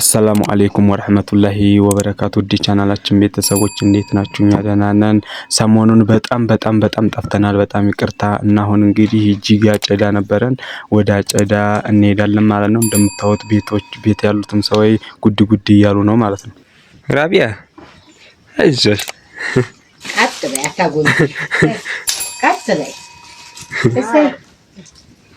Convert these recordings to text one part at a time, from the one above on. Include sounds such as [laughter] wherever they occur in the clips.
አሰላሙ አሌይኩም ወረህመቱላሂ ወበረካቱ። ውድ ቻናላችን ቤተሰቦች እንዴት ናችሁ? እኛ ደህና ነን። ሰሞኑን በጣም በጣም በጣም ጠፍተናል። በጣም ይቅርታ እና አሁን እንግዲህ እጅግ አጨዳ ነበረን። ወደ አጨዳ እንሄዳለን ማለት ነው። እንደምታዩት ቤቶች ቤት ያሉትም ሰዎች ጉድ ጉድ እያሉ ነው ማለት ነው። ራቢያ አይዞሽ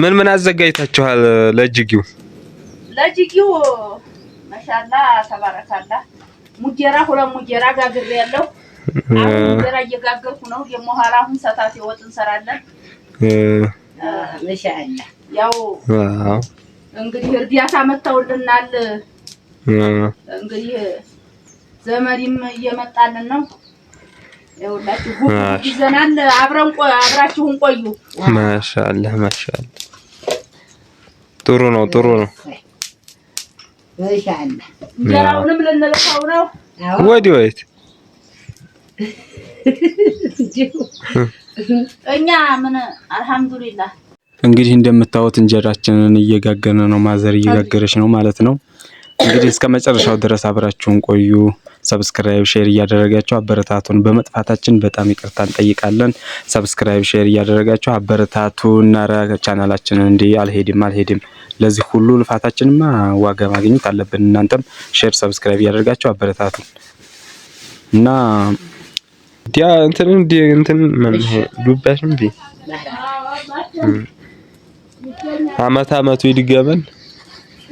ምን ምን አዘጋጅታችኋል ለጅጊው? ለጅጊው መሻላ ተባረካላ ሙጀራ ሁለት ሙጀራ ጋግሬ ያለው አሁን ሙጀራ እየጋገርኩ ነው። ደግሞ ኋላ አሁን ሰታት ወጥ እንሰራለን። ማሻአላ ያው እንግዲህ እርዳታ መተውልናል። እንግዲህ ዘመሪም እየመጣልን ነው። ይኸውላችሁ ይዘናል። አብረን አብራችሁን ቆዩ። ማሻአላ ማሻአላ ጥሩ ነው፣ ጥሩ ነው። እንጀራውንም ወይት እኛ ምን አልሐምዱሊላህ። እንግዲህ እንደምታዩት እንጀራችንን እየጋገርን ነው። ማዘር እየጋገረች ነው ማለት ነው። እንግዲህ እስከ መጨረሻው ድረስ አብራችሁን ቆዩ። ሰብስክራይብ፣ ሼር እያደረጋችሁ አበረታቱን። በመጥፋታችን በጣም ይቅርታ እንጠይቃለን። ሰብስክራይብ፣ ሼር እያደረጋችሁ አበረታቱን። ኧረ ቻናላችንን እንዲህ አልሄድም አልሄድም። ለዚህ ሁሉ ልፋታችንማ ዋጋ ማግኘት አለብን። እናንተም ሼር፣ ሰብስክራይብ እያደረጋችሁ አበረታቱን እና ዲያ እንትን እንዲ እንትን ዱባሽም ቢ አመት አመቱ ይድገመን።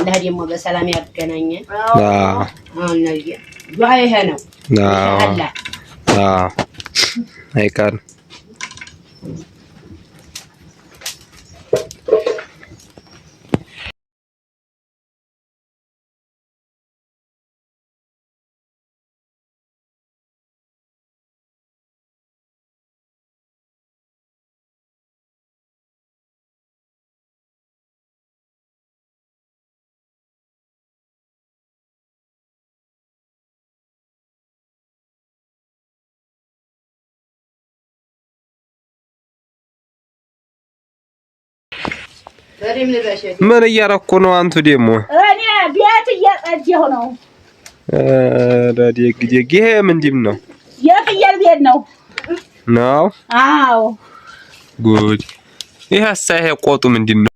አላህ ደግሞ በሰላም ያገናኘን። አሁን ዱዓ ይሄ ነው። አላህ አይቀርም ምን እያረኩ ነው? አንቱ ደግሞ እኔ ቤት እያጸዳሁ ነው። ኧረ ደግ ደግ። ይሄ ምንድን ነው? የፍየል ቤት ነው ነው? አዎ። ጉድ። ይሄ ቆጡ ምንድን ነው?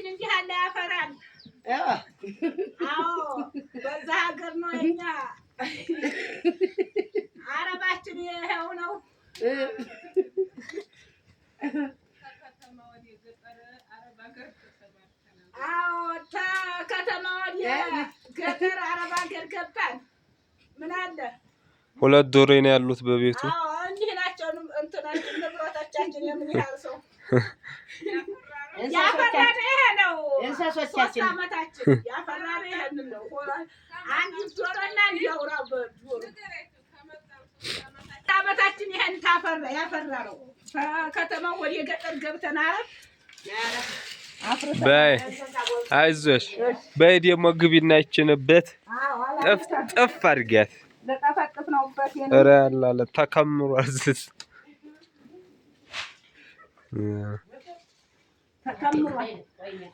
ሀገራችን እንዲህ አለ ያፈራል። አዎ በዛ ሀገር ነው እኛ አረባችን ይኸው ነው። አዎ ከተማ ገጠር አረብ ሀገር ገባን። ምን አለ ሁለት ነው ያሉት በቤቱ። እንዲህ ናቸው እንትናችን ንብረቶቻችን የምንያርሰው ያፈራል እንስሶቻችን አመታችን ይሄን ታፈራ ያፈራ ነው። ወደ ገጠር ገብተን በይ አይዞሽ፣ በይ ደግሞ ግቢና ይችንበት ጥፍ ጥፍ አድርጊያት። ኧረ ተከምሯል።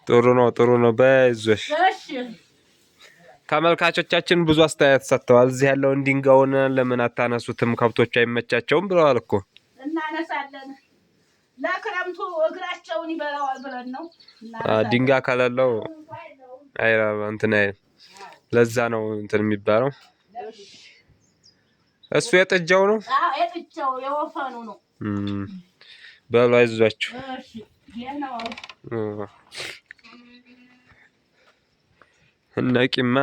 ጥሩ ነው፣ ጥሩ ነው። በይዞሽ ተመልካቾቻችን ብዙ አስተያየት ሰጥተዋል። እዚህ ያለውን ድንጋዩን ለምን አታነሱትም? ከብቶቹ አይመቻቸውም ብለዋል እኮ። እናነሳለን ለክረምቱ እግራቸውን ይበላዋል ብለን ነው። ድንጋይ ከሌለው አይራ እንትን ለዛ ነው እንትን የሚባለው። እሱ የጥጃው ነው፣ የጥጃው የወፈኑ ነው። በሉ አይዟችሁ። እነ ቂማ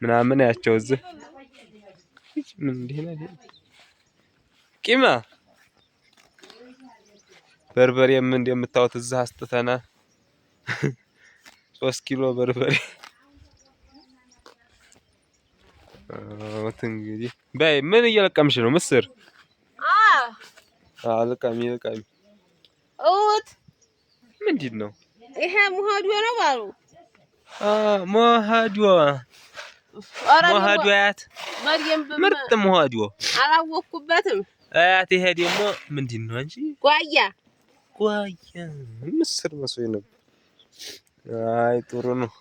ምናምን ያቸው እዚህ ቂማ በርበሬ ምን እንደምታዩት እዚህ አስጥተና [laughs] ሶስት ኪሎ በርበሬ አውት እንግዲህ በይ ምን እየለቀምሽ ነው? ምስር አዎ፣ አዎ ልቀሚ ልቀሚ ምንድን ነው ይሄ? መሀዷ ነው ባሉ መሀዷ መሀዷ አያት ምርጥ መሀዷ አላወኩበትም። አያት ይሄ ደግሞ ምንድን ነው እንጂ ጓያ ጓያ ምስር መስሎኝ ነበር። አይ ጥሩ ነው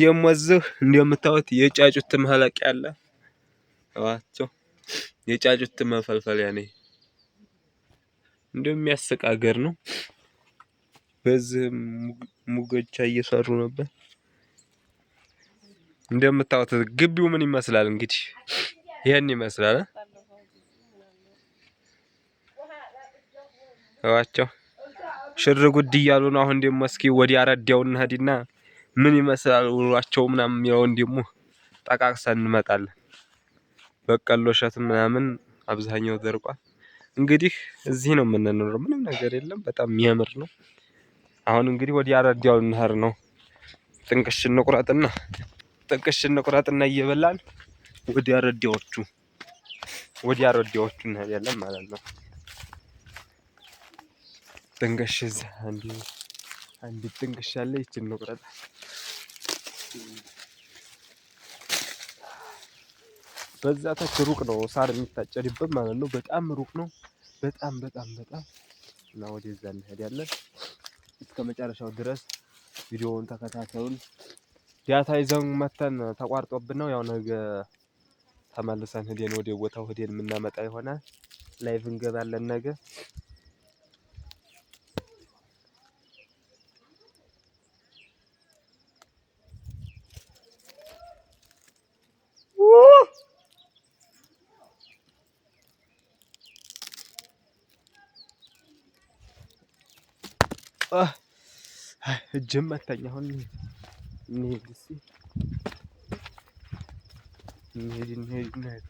ደግሞ እዚህ እንደምታዩት የጫጩት መለቅ ያለ ዋቸው የጫጩት መፈልፈል ያኔ እንደሚያስቅ አገር ነው። በዚህ ሙገቻ እየሰሩ ነበር። እንደምታዩት ግቢው ምን ይመስላል እንግዲህ ይህን ይመስላል። እዋቸው ሽር ጉድ እያሉ ነው። አሁን ደግሞ እስኪ ወዲ አረዳው እንሂድና ምን ይመስላል ውሏቸው ምናምን የሚለውን ደግሞ ጠቃቅሰን እንመጣለን። በቀሎ እሸት ምናምን አብዛኛው ደርቋል። እንግዲህ እዚህ ነው የምንኖረው። ምንም ነገር የለም። በጣም የሚያምር ነው። አሁን እንግዲህ ወዲያ አረዳው እንሄድ ነው። ጥንቅሽ እንቁረጥና ጥንቅሽ እንቁረጥና እየበላን ወዲያ አረዳዎቹ ወዲያ አረዳዎቹ እንሄዳለን ማለት ነው። ጥንቅሽ እዛ አንድ አንድ ጥንቅሽ አለ። ይች እንቁረጥ በዛ ታች ሩቅ ነው ሳር የሚታጨድበት ማለት ነው። በጣም ሩቅ ነው። በጣም በጣም በጣም እና ወደዛ እንሄዳለን። እስከ መጨረሻው ድረስ ቪዲዮውን ተከታተሉን። ዳታ ይዘን መተን ተቋርጦብን ነው ያው ነገ ተመልሰን ህዴን ወደ ቦታው ህዴን የምናመጣ ይሆናል። ላይቭ እንገባለን ነገ። እጅም መታኝ። አሁን እንሂድ እስኪ እንሂድ እንሂድ እንሂድ።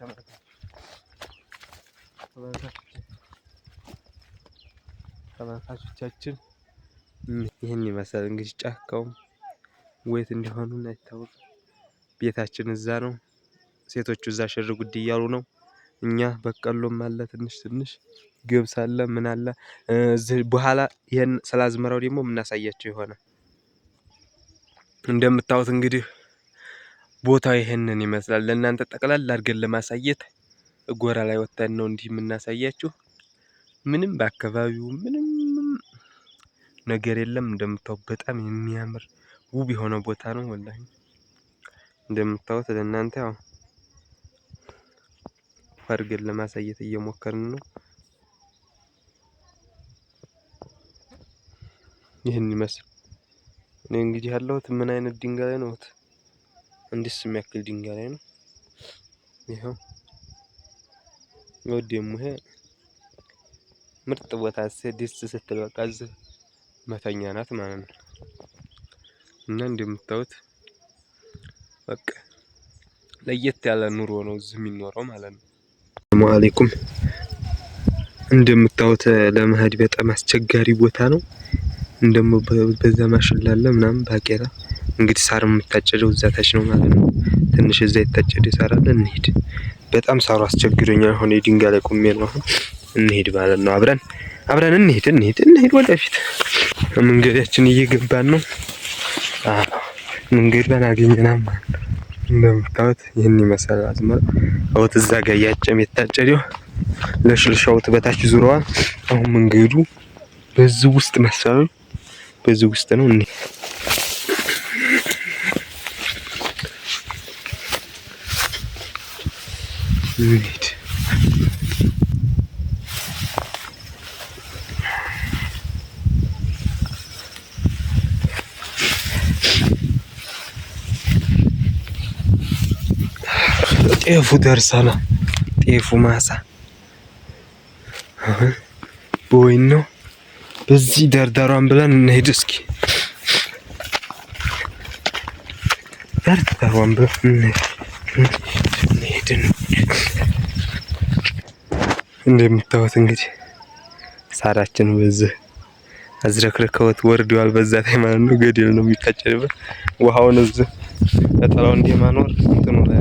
ተመልካቾቻችን ይህን ይመስላል እንግዲህ ጫካውም ወየት እንደሆኑ አይታወቅም። ቤታችን እዛ ነው። ሴቶቹ እዛ ሽር ጉድ እያሉ ነው። እኛ በቀሎም አለ ትንሽ ትንሽ ገብስ አለ ምን አለ በኋላ ይህን ስለ አዝመራው ደግሞ የምናሳያቸው ይሆናል። እንደምታዩት እንግዲህ ቦታው ይህንን ይመስላል። ለእናንተ ጠቅላላ አድርገን ለማሳየት ጎራ ላይ ወጥተን ነው እንዲህ የምናሳያችሁ። ምንም በአካባቢው ምንም ነገር የለም። እንደምታዩት በጣም የሚያምር ውብ የሆነ ቦታ ነው። ወላሂ እንደምታዩት ለእናንተ ያው አድርገን ለማሳየት እየሞከርን ነው። ይህን ይመስል እኔ እንግዲህ ያለሁት ምን አይነት ድንጋይ ላይ ነው? እንዲስ የሚያክል ድንጋይ ላይ ነው። ይኸው ወዴም ሙሄ ምርጥ ቦታ ደስ ስትል በቃ እዚህ መተኛ ናት ማለት ነው። እና እንደምታዩት በቃ ለየት ያለ ኑሮ ነው እዚህ የሚኖረው ማለት ነው። ሰላም አለይኩም። እንደምታዩት ለመሄድ በጣም አስቸጋሪ ቦታ ነው። እንደሞ በዛ ማሽላ አለ ምናምን ባቄላ እንግዲህ ሳር የምታጨደው እዛ ታች ነው ማለት ነው። ትንሽ እዛ የታጨደ ሳር አለ እንሂድ። በጣም ሳሩ አስቸግሮኛል። አሁን የድንጋይ ላይ ቁሜ ነው አሁን እንሂድ ማለት ነው። አብረን አብረን እንሂድ እንሂድ እንሂድ ወደፊት መንገዳችን እየገባን ነው። መንገዷን አገኘናም ማለት ነው። እንደምታዩት ይህን ይመስላል። አዝመራ አወት እዛ ጋ እያጨም የታጨደው ለሽልሻውት በታች ዙረዋል። አሁን መንገዱ በዚህ ውስጥ መሰሉ በዚህ ውስጥ ነው። እኔ ጤፉ ደርሰናል። ጤፉ ማሳ በወይን ነው። እዚህ ደርደሯን ብለን እንሄድ እስኪ ደርደሯን ብለን እንሄድ። እንደምታዩት እንግዲህ ሳራችን በዚህ አዝረክርከውት ወርደዋል። በዛ ላይ ማለት ነው ገደል ነው የሚታጨድበት ውሃውን እዚህ ለጠላው እንዲህ እንትኑ ላይ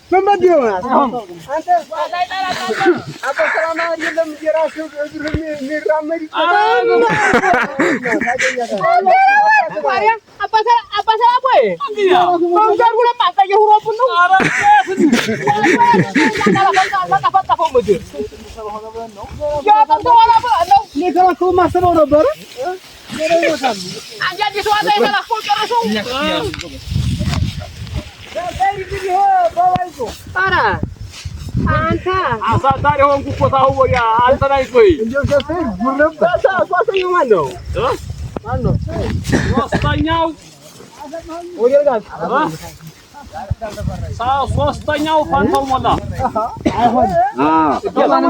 Nomor dia mas. Antes, apa selama dia belum jelas belum miramir. Apa salah apa salah apa? apa? kalau aku masuk orang baru. salah አሳታሪ ሆንኩ እኮ ታሁን ወዲያ አልተናይት ወይ ሶስተኛው ማን ነው? ሶስተኛው ፋንታው ሞላ አይሆንም።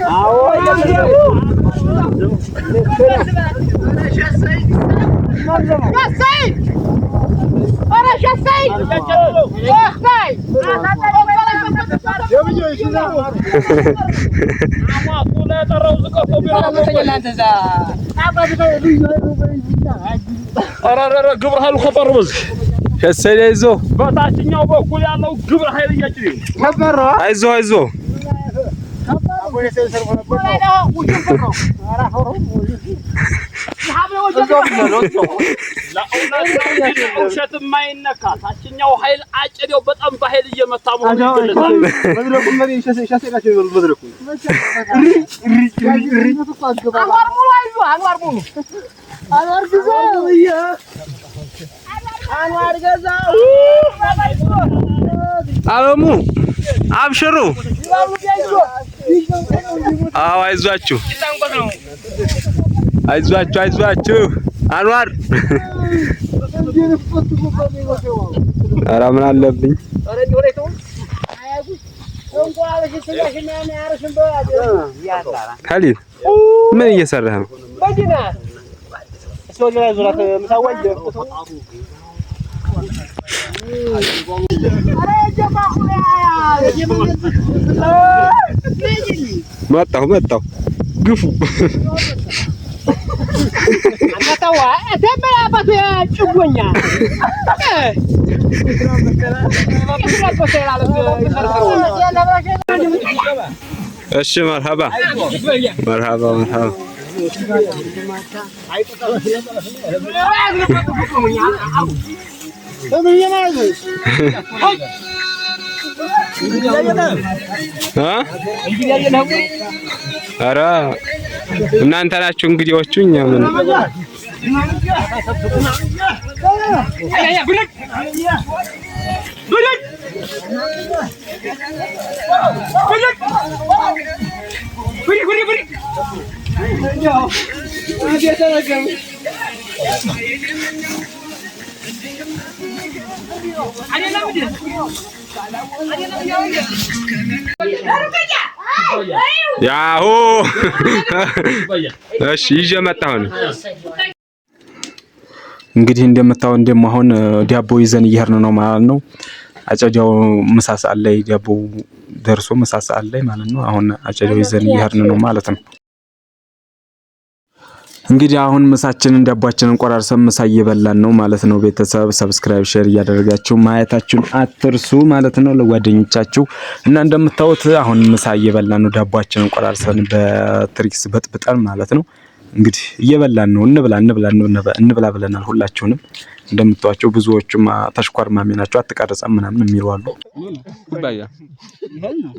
ግብረ ኃይሉ ከበርብዝ ሸሰይ አይዞህ፣ በታችኛው በኩል ያለው ግብረ ኃይል እያጭ አይዞህ አይዞህ ውሸት የማይነካ ታችኛው ኃይል አጭዴው በጣም በኃይል እየመታ መሆኑ አለሙ አብሽሩ አዎ፣ አይዟችሁ፣ አይዟችሁ፣ አይዟችሁ። አንዋር [laughs] ኧረ ምን አለብኝ ከሊል ምን እየሰራህ ነው? መጣሁ መጣሁ ግፉ እሺ መርሀባ መርሀባ መርሀባ [laughs] ኧረ እናንተ ናችሁ እንግዲዎቹ እኛ ምን ያሁ እሺ፣ ይዤ መጣሁ። እንግዲህ አሁን ዳቦ ይዘን እየሄድን ነው ማለት ነው። አጨጃው ምሳ ሰዓት ላይ ዳቦ ደርሶ ምሳ ሰዓት ላይ ማለት ነው። አሁን አጨጃው ይዘን እየሄድን ነው ማለት ነው። እንግዲህ አሁን ምሳችንን ዳቧችንን ቆራርሰን ምሳ እየበላን ነው ማለት ነው። ቤተሰብ ሰብስክራይብ፣ ሼር እያደረጋችሁ ማየታችሁን አትርሱ ማለት ነው ለጓደኞቻችሁ እና እንደምታዩት አሁን ምሳ እየበላን ነው። ዳቧችንን ቆራርሰን በትሪክስ በጥብጠን ማለት ነው። እንግዲህ እየበላን ነው። እንብላ እንብላ እንብላ ብለናል ሁላችሁንም እንደምታዋቸው ብዙዎቹ ተሽኳር ማሚ ናቸው። አትቀርጸም ምናምን የሚሉ አሉ። ዝም ብለህ ትበላለህ።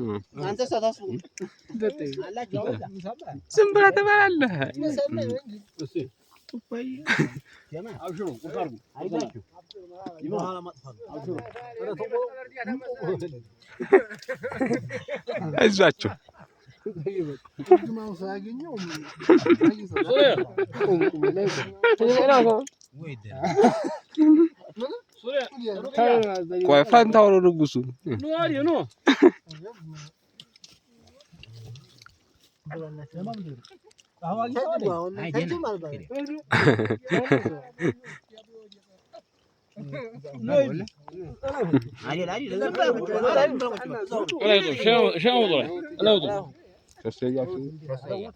አይዟቸው [laughs] Kwa fanta wala rugusu. No ari no. Şey oldu. Ne oldu? Göstereyim.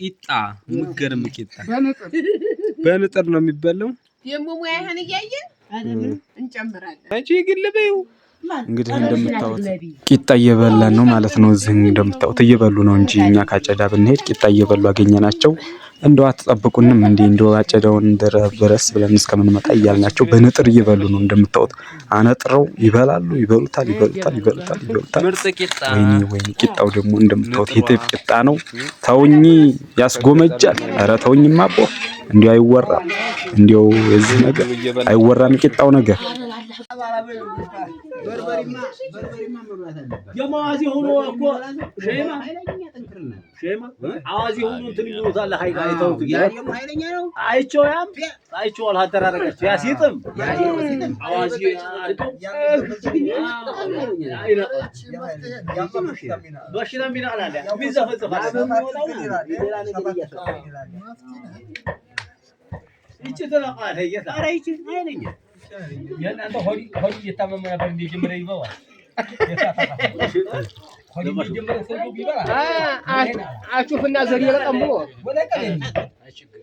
ቂጣ የሚገርም ቂጣ በንጥር ነው የሚበላው። ደግሞ ሙያህን እያየን እንጨምራለን። መቼ ግን ልበይው እንግዲህ እንደምታዩት ቂጣ እየበላን ነው ማለት ነው። እዚህ እንደምታዩት እየበሉ ነው እንጂ እኛ ካጨዳ ብንሄድ ቂጣ እየበሉ አገኘናቸው። እንደው አትጠብቁንም እንዴ? እንደው አጨዳውን ድረስ ብለን እስከምንመጣ እያልናቸው በንጥር እየበሉ ነው። እንደምታዩት አነጥረው ይበላሉ፣ ይበሉታል፣ ይበሉታል፣ ይበሉታል፣ ይበሉታል። ወይኔ ቂጣው ደግሞ እንደምታዩት የጤፍ ቂጣ ነው። ተውኝ፣ ያስጎመጃል። ኧረ ተውኝ ማቦ እንዲው አይወራም፣ እንዲው የዚህ ነገር አይወራም፣ ቂጣው ነገር ደግሞ ሆኖ እኮ ሼማ ሆኖ እንትን ይሉታል። ሀይል አይተውት አይቼው ያም አይቼዋል። አደራረጋቸው ያ ሲጥም አዋዜ በሽታ ሚናል ሚዘፈጽፋል ይቺ ትለቃለች ኧረ ይቺ የእናንተ ሆድ እየታመመ ነበር እንደጀመረ ይበላል። አቹፍና ዘር ይለቀም ብሎ ችግር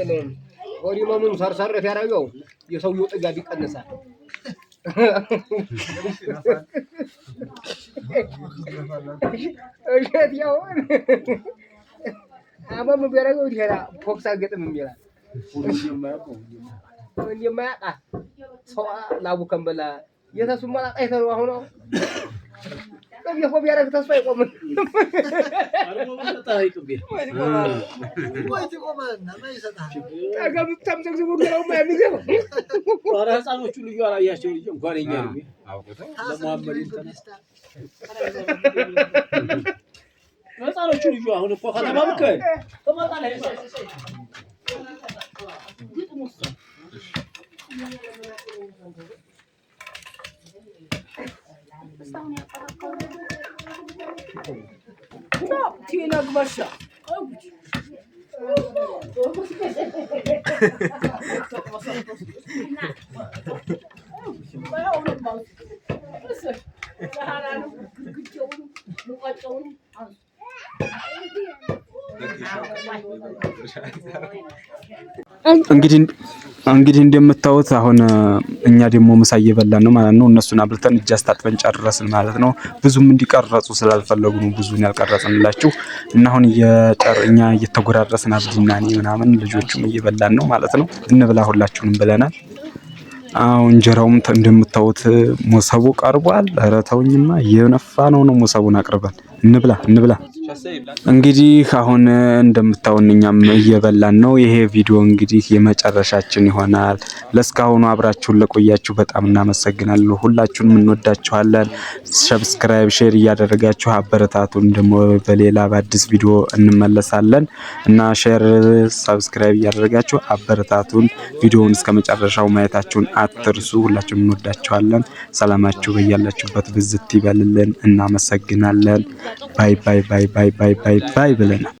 የለውም። ሆዲ መሙን ሰርሰር ያደረገው የሰውየው ጥጋብ ይቀንሳል። እሸት ያሆን አመም ቢያደርገው ዲሄራ ቦክስ አልገጥም የሚላል የማያውቃ ሰው ላቡ ከንበላ የተሱማ ላጣ የተሉ አሁነው ቀቤኮ ቢያደርግ ተስፋ አይቆምም። ህፃኖቹ ልዩ አላያቸው ልጅ እንኳን ኛ ህፃኖቹ ልዩ አሁን እኮ ከተማ ብከል 쫙 뒤에 나고 마셔. 아이고. 뭐야 오늘 뭐? 그래서 나라는 그 좋은 뭐가 좋은 아. እንግዲህ እንግዲህ እንደምታዩት አሁን እኛ ደግሞ ምሳ እየበላን ነው ማለት ነው። እነሱን አብልተን እጅ አስታጥበን ጨረስን ማለት ነው። ብዙም እንዲቀረጹ ስላልፈለጉ ነው ብዙን ያልቀረጽንላችሁ እና አሁን እኛ እየተጎራረስን አብዲና እኔ ምናምን ልጆቹም እየበላን ነው ማለት ነው። እንብላ ሁላችሁንም ብለናል። አዎ እንጀራውም እንደምታዩት ሞሰቡ ቀርቧል። ኧረ ተውኝማ እየነፋ ነው ነው ሞሰቡን አቅርበን እንብላ እንብላ እንግዲህ አሁን እንደምታዩን እኛም እየበላን ነው። ይሄ ቪዲዮ እንግዲህ የመጨረሻችን ይሆናል። ለእስካሁኑ አብራችሁን ለቆያችሁ በጣም እናመሰግናለሁ። ሁላችሁንም እንወዳችኋለን። ሰብስክራይብ፣ ሼር እያደረጋችሁ አበረታቱን። ደግሞ በሌላ በአዲስ ቪዲዮ እንመለሳለን እና ሼር፣ ሰብስክራይብ እያደረጋችሁ አበረታቱን። ቪዲዮውን እስከ መጨረሻው ማየታችሁን አትርሱ። ሁላችሁን እንወዳችኋለን። ሰላማችሁ በያላችሁበት ብዝት ይበልልን። እናመሰግናለን። ባይ ባይ ባይ ባይ bye bye bye bye বলে না